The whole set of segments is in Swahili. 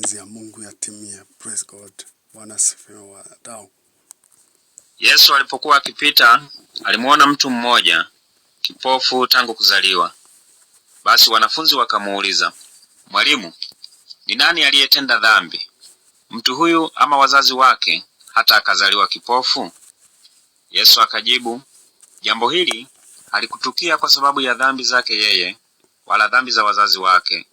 mapenzi ya Mungu yatimie. Praise God. Bwana sifiwe. Wadau, Yesu alipokuwa akipita alimuona mtu mmoja kipofu tangu kuzaliwa. Basi wanafunzi wakamuuliza, Mwalimu, ni nani aliyetenda dhambi, mtu huyu ama wazazi wake, hata akazaliwa kipofu? Yesu akajibu, jambo hili halikutukia kwa sababu ya dhambi zake yeye, wala dhambi za wazazi wake,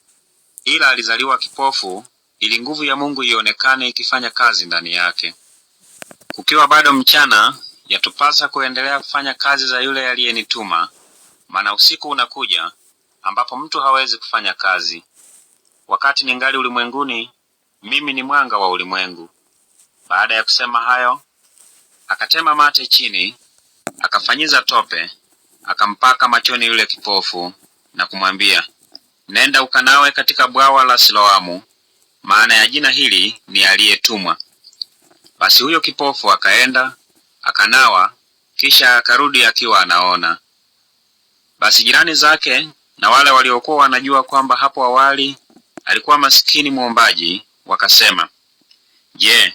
ila alizaliwa kipofu ili nguvu ya Mungu ionekane ikifanya kazi ndani yake. Kukiwa bado mchana, yatupasa kuendelea kufanya kazi za yule aliyenituma, maana usiku unakuja ambapo mtu hawezi kufanya kazi. Wakati ningali ulimwenguni, mimi ni mwanga wa ulimwengu. Baada ya kusema hayo, akatema mate chini, akafanyiza tope, akampaka machoni yule kipofu na kumwambia, nenda ukanawe katika bwawa la Siloamu, maana ya jina hili ni aliyetumwa. Basi huyo kipofu akaenda akanawa, kisha akarudi akiwa anaona. Basi jirani zake na wale waliokuwa wanajua kwamba hapo awali alikuwa masikini mwombaji wakasema, Je,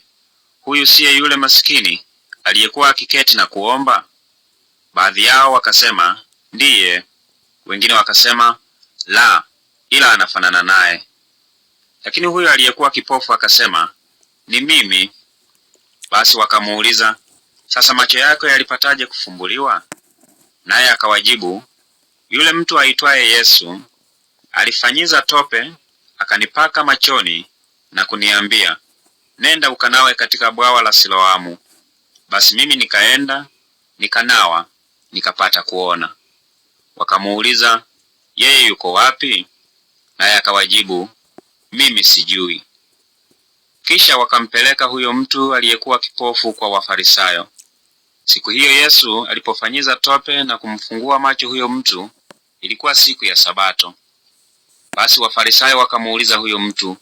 huyu siye yule masikini aliyekuwa akiketi na kuomba? Baadhi yao wakasema ndiye, wengine wakasema la, ila anafanana naye. Lakini huyo aliyekuwa kipofu akasema, ni mimi. Basi wakamuuliza, sasa macho yako yalipataje kufumbuliwa? Naye akawajibu, yule mtu aitwaye Yesu alifanyiza tope akanipaka machoni na kuniambia, nenda ukanawe katika bwawa la Siloamu. Basi mimi nikaenda nikanawa, nikapata kuona. Wakamuuliza, yeye yuko wapi? Naye akawajibu, mimi sijui. Kisha wakampeleka huyo mtu aliyekuwa kipofu kwa Wafarisayo. Siku hiyo Yesu alipofanyiza tope na kumfungua macho huyo mtu, ilikuwa siku ya Sabato. Basi Wafarisayo wakamuuliza huyo mtu,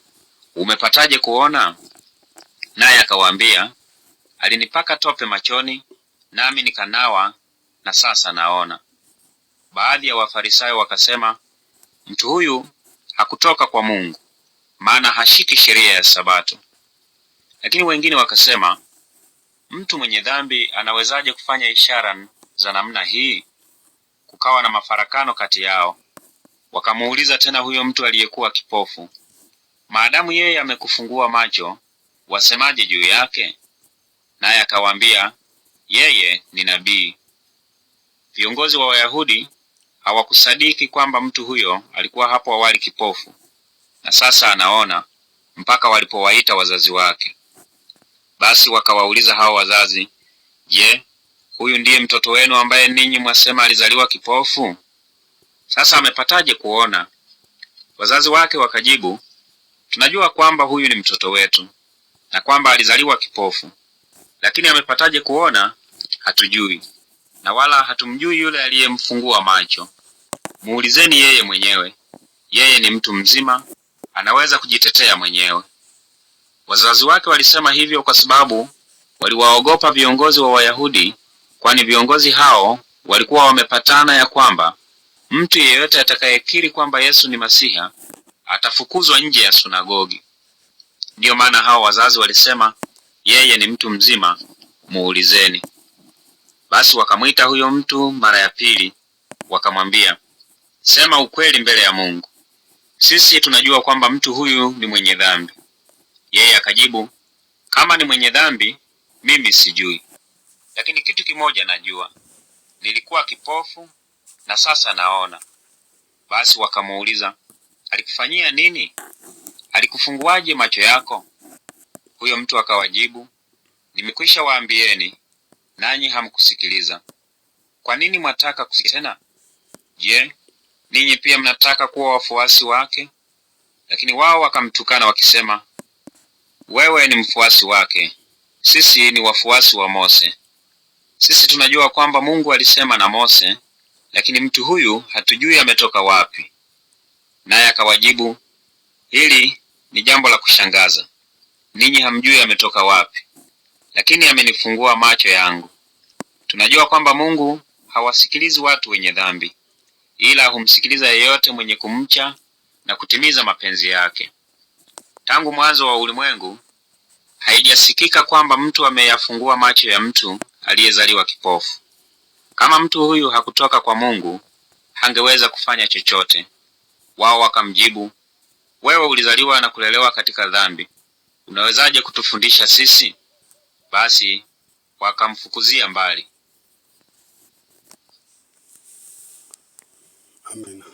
umepataje kuona? Naye akawaambia, alinipaka tope machoni, nami nikanawa, na sasa naona. Baadhi ya Wafarisayo wakasema, mtu huyu hakutoka kwa Mungu, maana hashiki sheria ya Sabato. Lakini wengine wakasema, mtu mwenye dhambi anawezaje kufanya ishara za namna hii? Kukawa na mafarakano kati yao. Wakamuuliza tena huyo mtu aliyekuwa kipofu, maadamu yeye amekufungua macho, wasemaje juu yake? Naye akawaambia, yeye ni nabii. Viongozi wa Wayahudi hawakusadiki kwamba mtu huyo alikuwa hapo awali kipofu, na sasa anaona mpaka walipowaita wazazi wake. Basi wakawauliza hao wazazi, Je, huyu ndiye mtoto wenu ambaye ninyi mwasema alizaliwa kipofu? Sasa amepataje kuona? Wazazi wake wakajibu, tunajua kwamba huyu ni mtoto wetu na kwamba alizaliwa kipofu, lakini amepataje kuona hatujui, na wala hatumjui yule aliyemfungua macho. Muulizeni yeye mwenyewe, yeye ni mtu mzima anaweza kujitetea mwenyewe. Wazazi wake walisema hivyo kwa sababu waliwaogopa viongozi wa Wayahudi, kwani viongozi hao walikuwa wamepatana ya kwamba mtu yeyote atakayekiri kwamba Yesu ni Masiha atafukuzwa nje ya sunagogi. Ndiyo maana hao wazazi walisema, yeye ni mtu mzima, muulizeni. Basi wakamwita huyo mtu mara ya pili, wakamwambia, sema ukweli mbele ya Mungu, sisi tunajua kwamba mtu huyu ni mwenye dhambi. Yeye akajibu, kama ni mwenye dhambi mimi sijui, lakini kitu kimoja najua, nilikuwa kipofu na sasa naona. Basi wakamuuliza, alikufanyia nini? Alikufunguaje macho yako? Huyo mtu akawajibu, nimekwisha waambieni nanyi hamkusikiliza. Kwa nini mwataka kusikia tena? Je, ninyi pia mnataka kuwa wafuasi wake? Lakini wao wakamtukana wakisema, wewe ni mfuasi wake, sisi ni wafuasi wa Mose. Sisi tunajua kwamba Mungu alisema na Mose, lakini mtu huyu hatujui ametoka wapi. Naye akawajibu, hili ni jambo la kushangaza, ninyi hamjui ametoka wapi, lakini amenifungua macho yangu. Tunajua kwamba Mungu hawasikilizi watu wenye dhambi, ila humsikiliza yeyote mwenye kumcha na kutimiza mapenzi yake. Tangu mwanzo wa ulimwengu haijasikika kwamba mtu ameyafungua macho ya mtu aliyezaliwa kipofu. Kama mtu huyu hakutoka kwa Mungu, hangeweza kufanya chochote. Wao wakamjibu, wewe ulizaliwa na kulelewa katika dhambi, unawezaje kutufundisha sisi? Basi wakamfukuzia mbali. Amen.